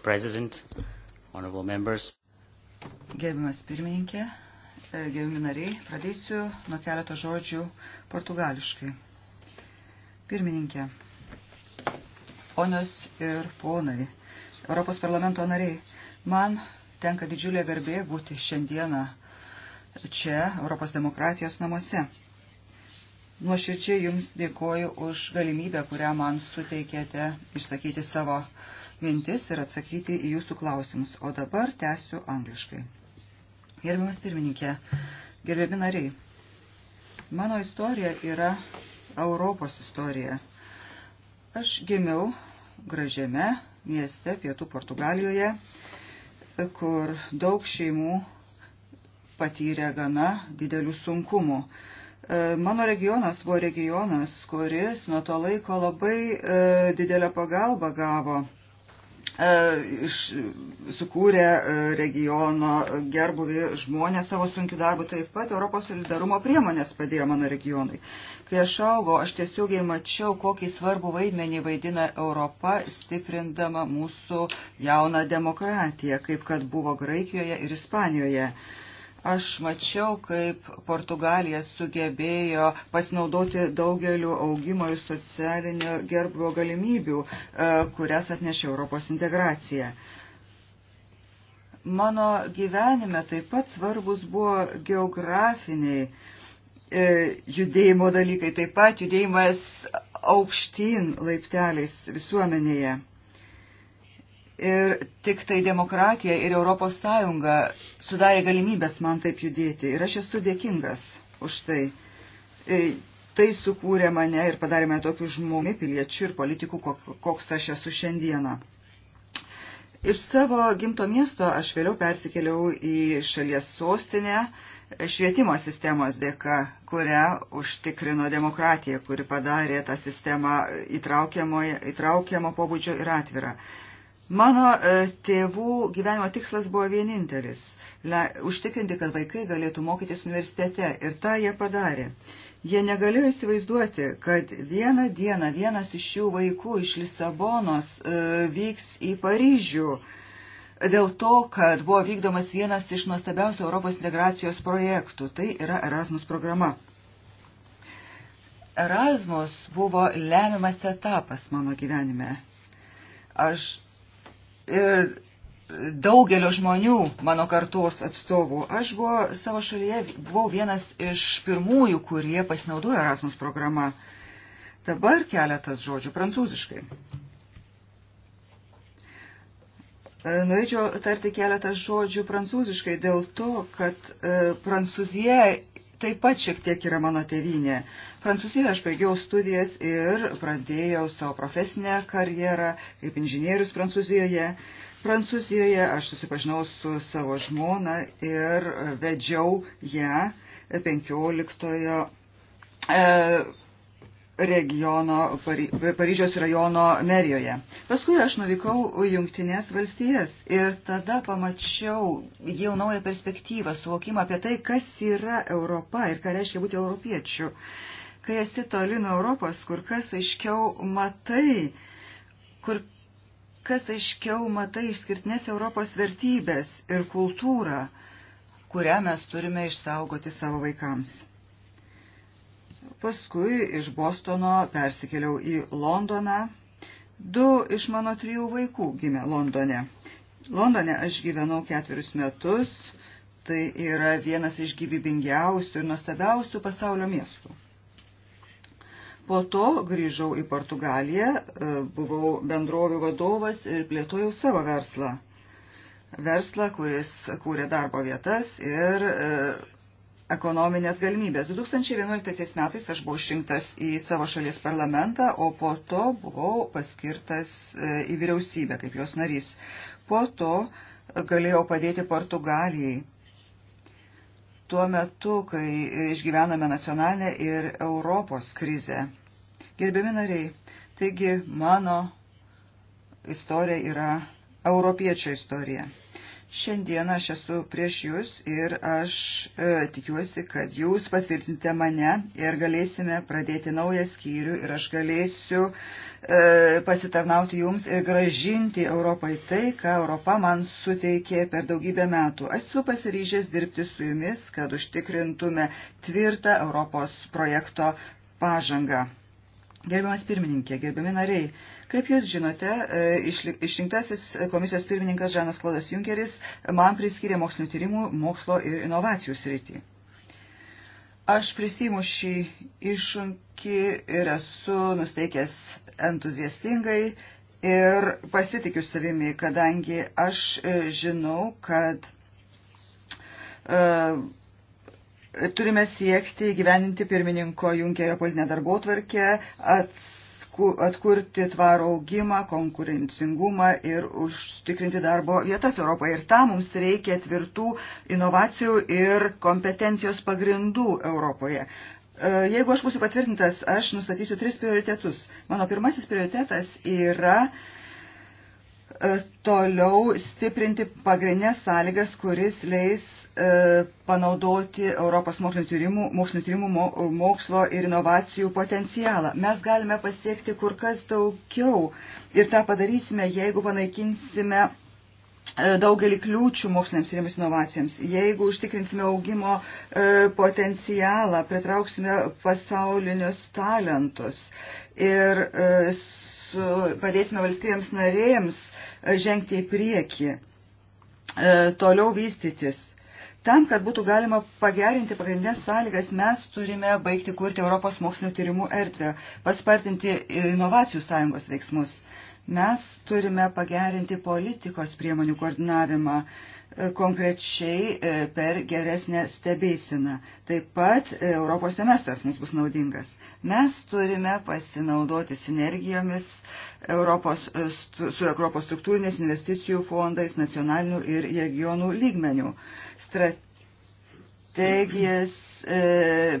Gerbiamas pirmininkė, e, gerbiami nariai, pradėsiu nuo keleto žodžių portugališkai. Pirmininkė, ponios ir ponai, Europos parlamento nariai, man tenka didžiulė garbė būti šiandieną čia, Europos demokratijos namuose. Nuoširdžiai Jums dėkoju už galimybę, kurią man suteikėte išsakyti savo uh, mintis ir atsakyti į jūsų klausimus. O dabar tęsiu angliškai. Gerbiamas pirmininkė, gerbiami nariai, mano istorija yra Europos istorija. Aš gimiau gražiame mieste pietų Portugalijoje, kur daug šeimų patyrė gana didelių sunkumų. E, mano regionas buvo regionas, kuris nuo to laiko labai e, didelę pagalbą gavo E, iš, sukūrė e, regiono gerbuvį žmonės savo sunkiu darbu, taip pat Europos solidarumo priemonės padėjo mano regionui. Kai aš augau, aš tiesiogiai mačiau, kokį svarbų vaidmenį vaidina Europa, stiprindama mūsų jauną demokratiją, kaip kad buvo Graikijoje ir Ispanijoje. Uh, Aš mačiau, kaip Portugalija sugebėjo pasinaudoti daugeliu augimo ir socialinio gerbio galimybių, e, kurias atnešė Europos integracija. Mano gyvenime taip pat svarbus buvo geografiniai e, judėjimo dalykai, taip pat judėjimas aukštyn laipteliais visuomenėje. Ir tik tai demokratija ir Europos Sąjunga sudarė galimybės man taip judėti. Ir aš esu dėkingas už tai. E, tai sukūrė mane ir padarė mane tokiu žmogumi, piliečiu ir politiku, koks aš esu šiandieną. Iš savo gimto miesto aš vėliau persikėliau į šalies sostinę švietimo sistemos dėka, kurią užtikrino demokratija, kuri padarė tą sistemą įtraukiamo pobūdžio ir atvirą. Mano e, tėvų gyvenimo tikslas buvo vienintelis – užtikrinti, kad vaikai galėtų mokytis universitete. Ir tą jie padarė. Jie negalėjo įsivaizduoti, kad vieną dieną vienas iš jų vaikų iš Lisabonos e, vyks į Paryžių dėl to, kad buvo vykdomas vienas iš nuostabiausių Europos integracijos projektų. Tai yra Erasmus programa. Erasmus buvo lemiamas etapas mano gyvenime. Aš ir e, daugelio žmonių mano kartos atstovų. Aš buvo, savo šalyje buvau vienas iš pirmųjų, kurie pasinaudojo Erasmus programą. Dabar keletas žodžių prancūziškai. E, norėčiau tarti keletą žodžių prancūziškai dėl to, kad e, Prancūzija taip pat šiek tiek yra mano tevinė. Prancūzijoje aš baigiau studijas ir pradėjau savo profesinę karjerą kaip inžinierius Prancūzijoje. Prancūzijoje aš susipažinau su savo žmona ir vedžiau ją 15 e, regiono, Pary, Paryžiaus rajono merijoje. Paskui aš nuvykau Junktinės valstijas ir tada pamačiau, įgyjau naują perspektyvą, suvokimą apie tai, kas yra Europa ir ką reiškia būti europiečiu. Uh, Kai esi toli nuo Europos, kur kas aiškiau matai, kur kas aiškiau matai išskirtinės Europos vertybės ir kultūrą, kurią mes turime išsaugoti savo vaikams. Paskui iš Bostono persikėliau į Londoną. Du iš mano trijų vaikų gimė Londone. Londone aš gyvenau ketverius metus. Tai yra vienas iš gyvybingiausių ir nuostabiausių pasaulio miestų. Po to grįžau į Portugaliją, e, buvau bendrovių vadovas ir plėtojau savo verslą. Verslą, kuris kūrė darbo vietas ir e, ekonominės galimybės. 2011 metais aš buvau išrinktas į savo šalies parlamentą, o po to buvau paskirtas e, į vyriausybę kaip jos narys. Po to galėjau padėti Portugalijai tuo metu, kai išgyvename nacionalinę ir Europos krizę. Gerbiami nariai, taigi mano istorija yra europiečio istorija. Šiandien aš esu prieš jūs ir aš e, tikiuosi, kad jūs patvirtinsite mane ir galėsime pradėti naują skyrių ir aš galėsiu e, pasitarnauti jums ir gražinti Europai tai, ką Europa man suteikė per daugybę metų. Aš esu pasiryžęs dirbti su jumis, kad užtikrintume tvirtą Europos projekto pažangą. Gerbiamas pirmininkė, gerbiami nariai, Kaip jūs žinote, e, išrinktasis komisijos pirmininkas Žanas Klodas Junkeris man priskyrė mokslinių tyrimų, mokslo ir inovacijų sritį. Aš prisimu šį iššūkį ir esu nusteikęs entuziastingai ir pasitikiu savimi, kadangi aš e, žinau, kad uh, turime siekti įgyveninti pirmininko Junkerio politinę darbo tvarkę, atsakymą atkurti tvarų augimą, konkurencingumą ir užtikrinti darbo vietas Europoje. Ir tam mums reikia tvirtų inovacijų ir kompetencijos pagrindų Europoje. E, jeigu aš būsiu patvirtintas, aš nustatysiu tris prioritetus. Mano pirmasis prioritetas yra uh, E, toliau stiprinti pagrindinės sąlygas, kuris leis e, panaudoti Europos mokslinio tyrimų, mokslinio tyrimų mokslo ir inovacijų potencialą. Mes galime pasiekti kur kas daugiau ir tą padarysime, jeigu panaikinsime e, daugelį kliūčių moksliniams tyrimams inovacijoms. Jeigu užtikrinsime augimo potencialą, pritrauksime pasaulinius talentus ir su, padėsime valstybėms narėjams e, žengti į priekį, e, toliau vystytis. Tam, kad būtų galima pagerinti pagrindinės sąlygas, mes turime baigti kurti Europos mokslinio tyrimų erdvę, paspartinti inovacijų sąjungos veiksmus. Mes turime pagerinti politikos priemonių koordinavimą e, konkrečiai e, per geresnę stebėsiną. Taip pat e, Europos semestras mums bus naudingas. Mes turime pasinaudoti sinergijomis Europos, su Europos struktūrinės investicijų fondais nacionalinių ir regionų lygmenių. Strat strategijas e,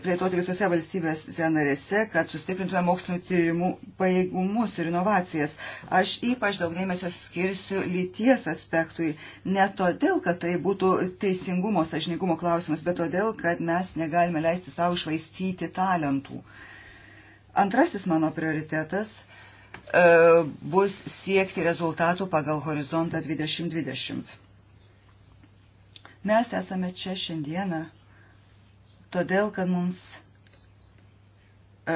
plėtoti visose valstybės narėse, kad sustiprintume mokslinio tyrimų pajėgumus ir inovacijas. Aš ypač daug dėmesio skirsiu lyties aspektui, ne todėl, kad tai būtų teisingumo, sažiningumo klausimas, bet todėl, kad mes negalime leisti savo išvaistyti talentų. Antrasis mano prioritetas e, bus siekti rezultatų pagal horizontą 2020. Mes esame čia šiandieną todėl kad mums e,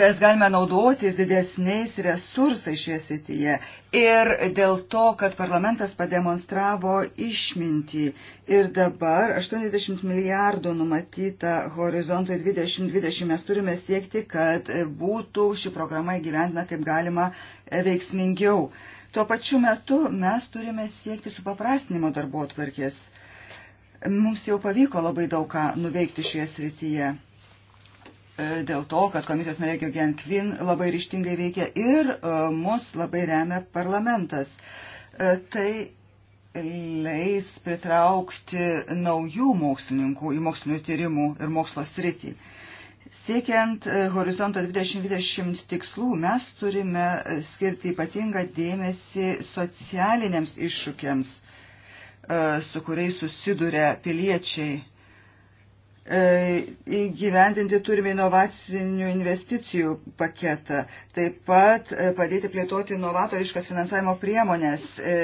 mes galime naudotis didesniais resursais šioje srityje ir dėl to, kad parlamentas pademonstravo išmintį ir dabar 80 milijardų numatyta horizontui 2020 mes turime siekti, kad būtų ši programa įgyvendina kaip galima e, veiksmingiau. Tuo pačiu metu mes turime siekti supaprastinimo darbo atvarkės. E, Mums jau pavyko labai daug ką nuveikti šioje srityje e, dėl to, kad komisijos narė Giogen Kvin labai ryštingai veikia ir e, mus labai remia parlamentas. E, tai leis pritraukti naujų mokslininkų į mokslinių tyrimų ir mokslo sritį. Siekiant horizonto 2020 tikslų, mes turime skirti ypatingą dėmesį socialiniams iššūkiams E, su kuriais susiduria piliečiai E, įgyvendinti turime inovacinių investicijų paketą, taip pat e, padėti plėtoti inovatoriškas finansavimo priemonės, e,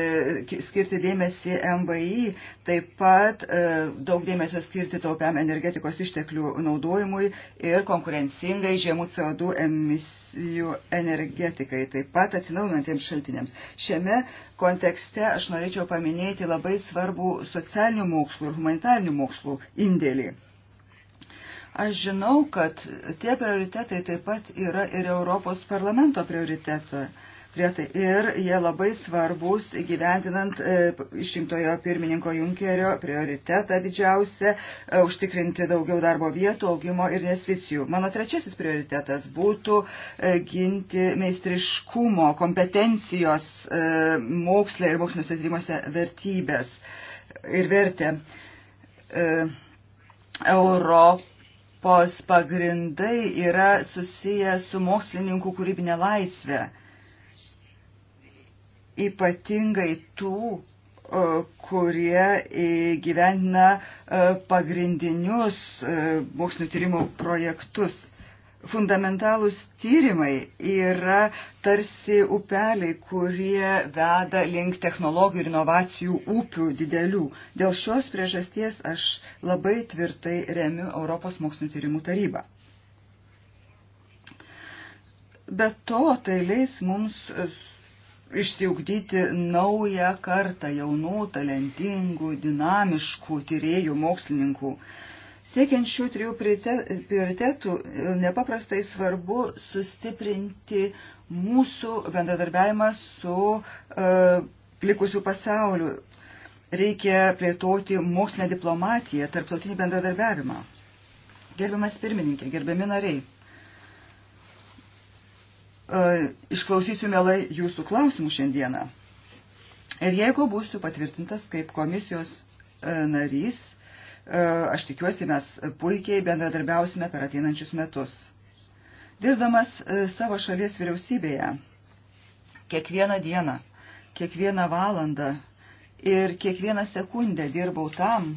skirti dėmesį MBI, taip pat daug dėmesio skirti taupiam energetikos išteklių naudojimui ir konkurencingai žemų CO2 emisijų energetikai, taip pat atsinaujinantiems šaltiniams. Šiame kontekste aš norėčiau paminėti labai svarbų socialinių mokslų ir humanitarinių mokslų indėlį. Aš žinau, kad tie prioritetai taip pat yra ir Europos parlamento prioritetai. Ir jie labai svarbus įgyvendinant e, išrinktojo pirmininko Junkerio prioritetą didžiausią e, - užtikrinti daugiau darbo vietų, augimo ir investicijų. Mano trečiasis prioritetas būtų e, ginti meistriškumo, kompetencijos e, mokslė ir moksliniuose tyrimuose vertybės ir vertę. E, Europą Europos pagrindai yra susiję su mokslininkų kūrybinė laisvė. Ypatingai tų, e, kurie gyvenina e, pagrindinius e, mokslinio tyrimų projektus fundamentalūs tyrimai yra tarsi upeliai, kurie veda link technologijų ir inovacijų upių didelių. Dėl šios priežasties aš labai tvirtai remiu Europos mokslinio tyrimų tarybą. Be to, tai leis mums išsiugdyti naują kartą jaunų, talentingų, dinamiškų tyriejų, mokslininkų. Uh, Siekiant šių trijų prioritetų nepaprastai svarbu sustiprinti mūsų bendradarbiavimą su uh, e, likusiu pasauliu. Reikia plėtoti mokslinę diplomatiją, tarptautinį bendradarbiavimą. Gerbiamas pirmininkė, gerbiami nariai, uh, išklausysiu mielai jūsų klausimų šiandieną. Ir jeigu būsiu patvirtintas kaip komisijos uh, narys, E, aš tikiuosi, mes puikiai bendradarbiausime per ateinančius metus. Dirbdamas e, savo šalies vyriausybėje, kiekvieną dieną, kiekvieną valandą ir kiekvieną sekundę dirbau tam,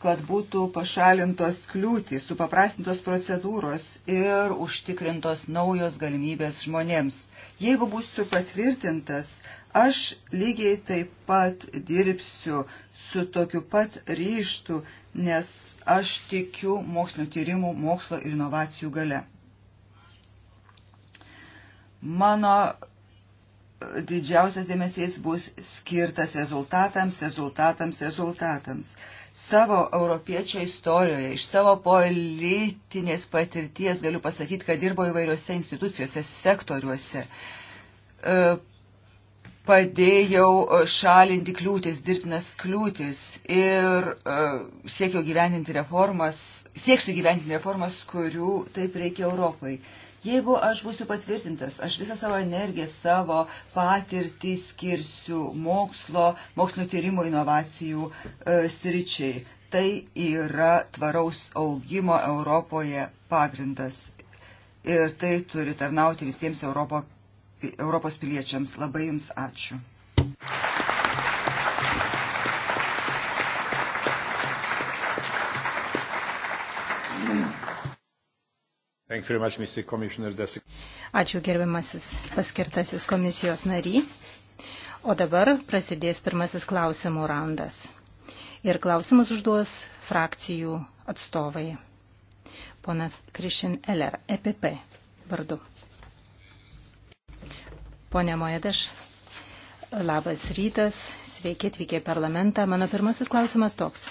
kad būtų pašalintos kliūtys, supaprastintos procedūros ir užtikrintos naujos galimybės žmonėms. Jeigu būsiu patvirtintas, aš lygiai taip pat dirbsiu su tokiu pat ryštu nes aš tikiu mokslinio tyrimų, mokslo ir inovacijų gale. Mano didžiausias dėmesys bus skirtas rezultatams, rezultatams, rezultatams. Savo europiečio istorijoje, iš savo politinės patirties galiu pasakyti, kad dirbo įvairiose institucijose, sektoriuose e, padėjau e, šalinti kliūtis, dirbtinas kliūtis ir uh, siekiau gyveninti reformas, sieksiu gyveninti reformas, kurių taip reikia Europai. Jeigu aš būsiu patvirtintas, aš visą savo energiją, savo patirtį skirsiu mokslo, mokslo tyrimų inovacijų uh, sričiai. Tai yra tvaraus augimo Europoje pagrindas. Ir tai turi tarnauti visiems Europo Europos piliečiams. Labai Jums ačiū. Ačiū gerbiamasis paskirtasis komisijos nary. O dabar prasidės pirmasis klausimų randas. Ir klausimus užduos frakcijų atstovai. Ponas Krishin Eller, EPP vardu. Pone Moedaš, labas rytas, sveiki atvykę į parlamentą. Mano pirmasis klausimas toks.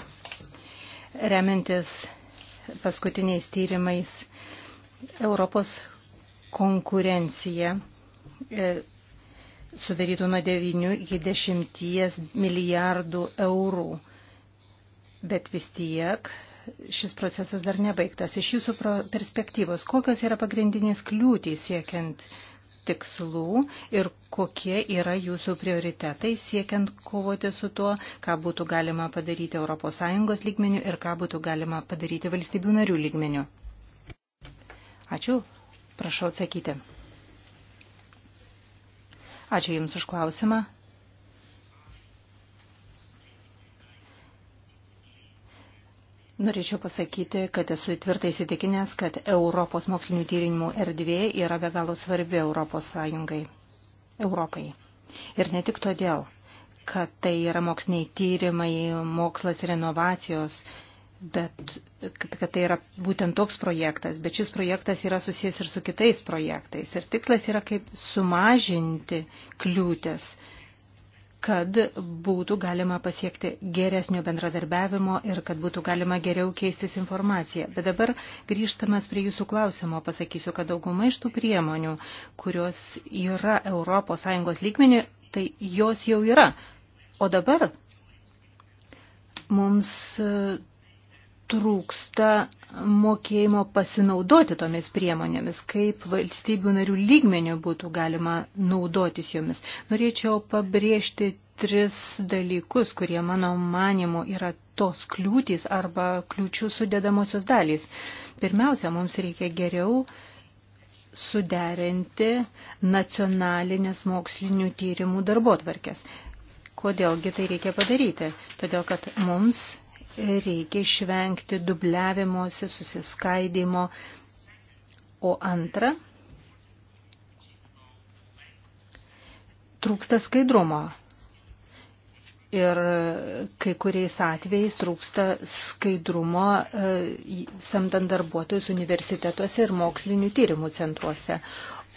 Remiantis paskutiniais tyrimais Europos konkurencija e, sudarytų nuo 9 iki 10 milijardų eurų, bet vis tiek šis procesas dar nebaigtas. Iš jūsų perspektyvos, kokios yra pagrindinės kliūtys siekiant tikslų ir kokie yra jūsų prioritetai siekiant kovoti su tuo, ką būtų galima padaryti ES lygmenių ir ką būtų galima padaryti valstybių narių lygmenių. Ačiū. Prašau atsakyti. Ačiū Jums už klausimą. Norėčiau pasakyti, kad esu tvirtai įsitikinęs, kad Europos mokslinių tyrimų erdvė yra be galo svarbi Europos Sąjungai, Europai. Ir ne tik todėl, kad tai yra moksliniai tyrimai, mokslas ir inovacijos, bet kad tai yra būtent toks projektas, bet šis projektas yra susijęs ir su kitais projektais. Ir tikslas yra kaip sumažinti kliūtis kad būtų galima pasiekti geresnio bendradarbiavimo ir kad būtų galima geriau keistis informaciją. Bet dabar grįžtamas prie jūsų klausimo, pasakysiu, kad dauguma iš tų priemonių, kurios yra ES lygmenį, tai jos jau yra. O dabar mums trūksta mokėjimo pasinaudoti tomis priemonėmis, kaip valstybių narių lygmenių būtų galima naudotis jomis. Norėčiau pabrėžti tris dalykus, kurie mano manimu yra tos kliūtys arba kliūčių sudėdamosios dalys. Pirmiausia, mums reikia geriau suderinti nacionalinės mokslinių tyrimų darbotvarkės. Kodėlgi tai reikia padaryti? Todėl, kad mums reikia išvengti dubliavimuose, susiskaidimo. O antra, trūksta skaidrumo. Ir kai kuriais atvejais trūksta skaidrumo e, samdant darbuotojus universitetuose ir mokslinių tyrimų centruose.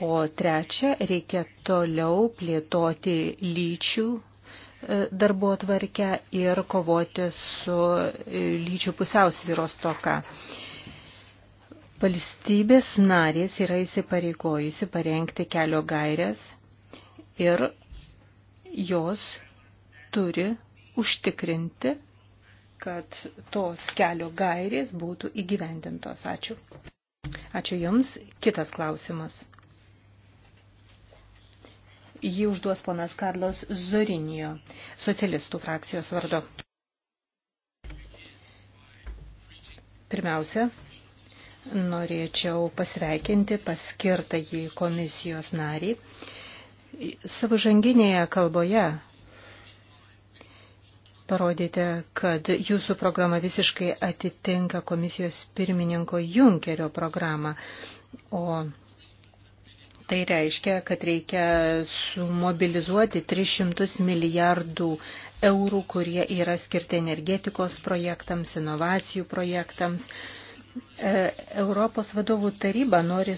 O trečia, reikia toliau plėtoti lyčių darbo atvarkę ir kovoti su e, lyčių pusiausvyros toka. Valstybės narės yra įsipareigojusi parengti kelio gairias ir jos turi užtikrinti, kad tos kelio gairės būtų įgyvendintos. Ačiū. Ačiū Jums. Kitas klausimas. Jį užduos ponas Karlos Zorinijo, socialistų frakcijos vardu. Pirmiausia, norėčiau pasveikinti paskirtą į komisijos narį. Savo žanginėje kalboje parodėte, kad jūsų programa visiškai atitinka komisijos pirmininko Junkerio programą, o Tai reiškia, kad reikia sumobilizuoti 300 milijardų eurų, kurie yra skirti energetikos projektams, inovacijų projektams. E, Europos vadovų taryba nori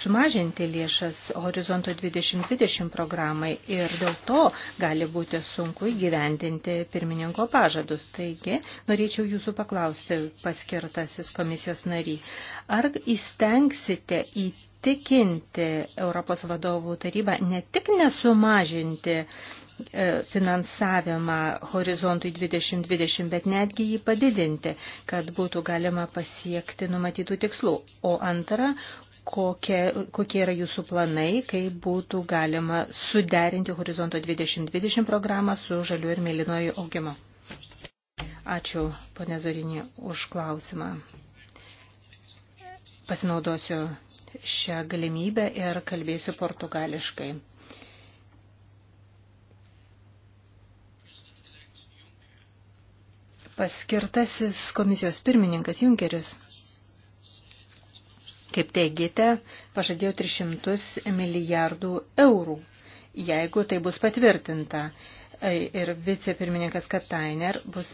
sumažinti lėšas Horizonto 2020 programai ir dėl to gali būti sunku įgyvendinti pirmininko pažadus. Taigi, norėčiau jūsų paklausti, paskirtasis komisijos nary, ar įstengsite į įtikinti Europos vadovų tarybą ne tik nesumažinti e, finansavimą horizontui 2020, bet netgi jį padidinti, kad būtų galima pasiekti numatytų tikslų. O antra, kokie, kokie yra jūsų planai, kaip būtų galima suderinti horizonto 2020 programą su žaliu ir mėlynoju augimu. Ačiū, ponė Zorinė, už klausimą. Pasinaudosiu šią galimybę ir kalbėsiu portugališkai. Paskirtasis komisijos pirmininkas Junkeris, kaip teigite, pažadėjo 300 milijardų eurų, jeigu tai bus patvirtinta. E, ir vicepirmininkas Katainer bus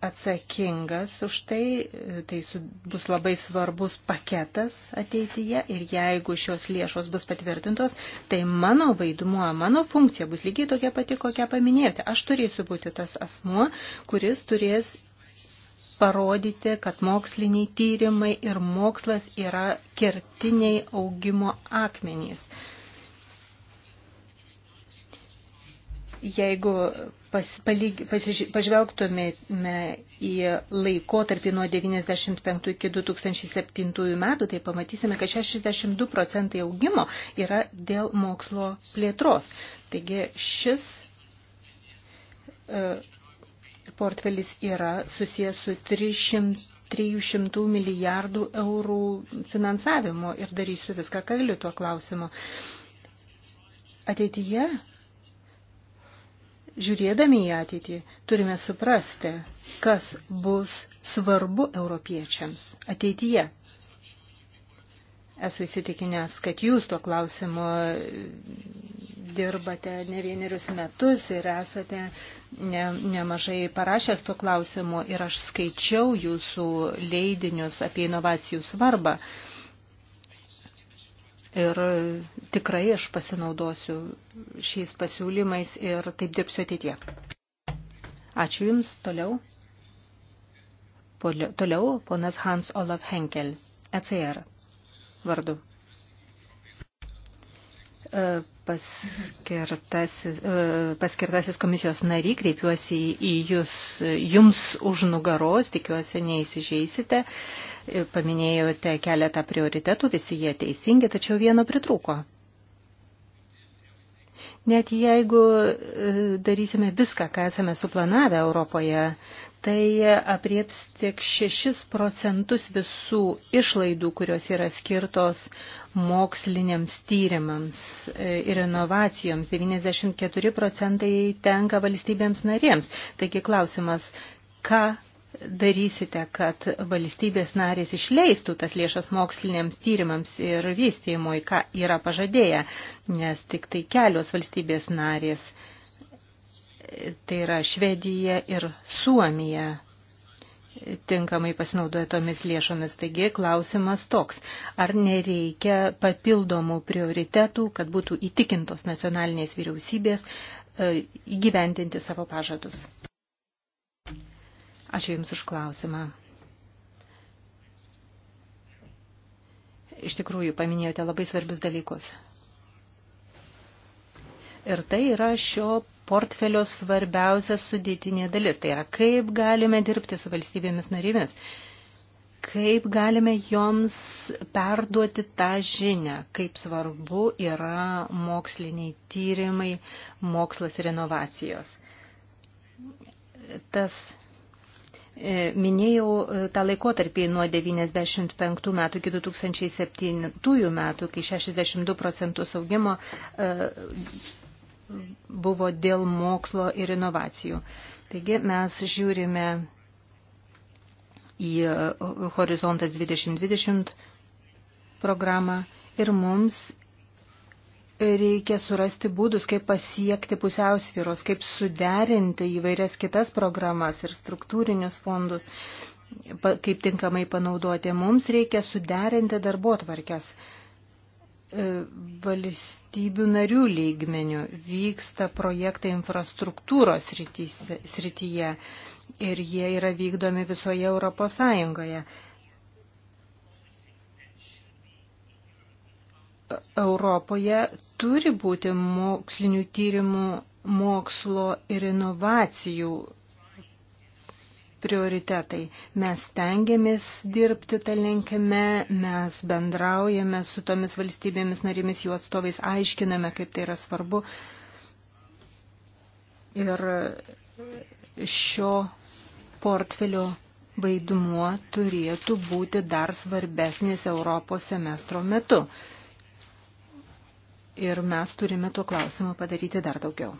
atsakingas už tai, tai bus labai svarbus paketas ateityje ir jeigu šios lėšos bus patvirtintos, tai mano vaidmuo, mano funkcija bus lygiai tokia pati, kokią paminėjote. Aš turėsiu būti tas asmuo, kuris turės parodyti, kad moksliniai tyrimai ir mokslas yra kertiniai augimo akmenys. Jeigu pas, palyg, pasiž, pažvelgtumėme į laikotarpį nuo 1995 iki 2007 metų, tai pamatysime, kad 62 procentai augimo yra dėl mokslo plėtros. Taigi šis e, portfelis yra susijęs su 300 300 milijardų eurų finansavimo ir darysiu viską, ką galiu tuo klausimu. Ateityje žiūrėdami į ateitį, turime suprasti, kas bus svarbu europiečiams ateityje. Esu įsitikinęs, kad jūs tuo klausimu dirbate ne vienerius metus ir esate ne, nemažai parašęs tuo klausimu ir aš skaičiau jūsų leidinius apie inovacijų svarbą. Ir tikrai aš pasinaudosiu šiais pasiūlymais ir taip dirbsiu ateitie. Ačiū Jums. Toliau. Toliau ponas Hans Olaf Henkel, ECR vardu. E, paskirtasis, e, paskirtasis komisijos nary, kreipiuosi į jūs, jums už nugaros, tikiuosi neįsižeisite. E, paminėjote keletą prioritetų, visi jie teisingi, tačiau vieno pritrūko. Net jeigu darysime viską, ką esame suplanavę Europoje, tai aprieps tik 6 procentus visų išlaidų, kurios yra skirtos moksliniams tyrimams ir inovacijoms. 94 procentai tenka valstybėms narėms. Taigi klausimas, ką darysite, kad valstybės narės išleistų tas lėšas moksliniams tyrimams ir vystymui, ką yra pažadėję, nes tik tai kelios valstybės narės tai yra Švedija ir Suomija tinkamai pasinaudoja tomis lėšomis. Taigi klausimas toks, ar nereikia papildomų prioritetų, kad būtų įtikintos nacionalinės vyriausybės e, įgyvendinti savo pažadus. Ačiū Jums už klausimą. Iš tikrųjų, paminėjote labai svarbius dalykus. Ir tai yra šio portfelio svarbiausia sudėtinė dalis. Tai yra, kaip galime dirbti su valstybėmis narėmis, kaip galime joms perduoti tą žinę, kaip svarbu yra moksliniai tyrimai, mokslas ir inovacijos. Tas e, Minėjau e, tą laikotarpį nuo 95 metų iki 2007 metų, kai 62 procentus augimo e, buvo dėl mokslo ir inovacijų. Taigi mes žiūrime į Horizontas 2020 programą ir mums reikia surasti būdus, kaip pasiekti pusiausvyros, kaip suderinti įvairias kitas programas ir struktūrinius fondus, kaip tinkamai panaudoti. Mums reikia suderinti darbo tvarkės. E, valstybių narių lygmenių vyksta projektai infrastruktūros srityje ir jie yra vykdomi visoje Europos Sąjungoje. Europoje turi būti mokslinių tyrimų, mokslo ir inovacijų prioritetai. Mes tengiamės dirbti tą linkime, mes bendraujame su tomis valstybėmis narimis, jų atstovais aiškiname, kaip tai yra svarbu. Ir šio portfelio vaidmuo turėtų būti dar svarbesnis Europos semestro metu. Ir mes turime tuo klausimu padaryti dar daugiau.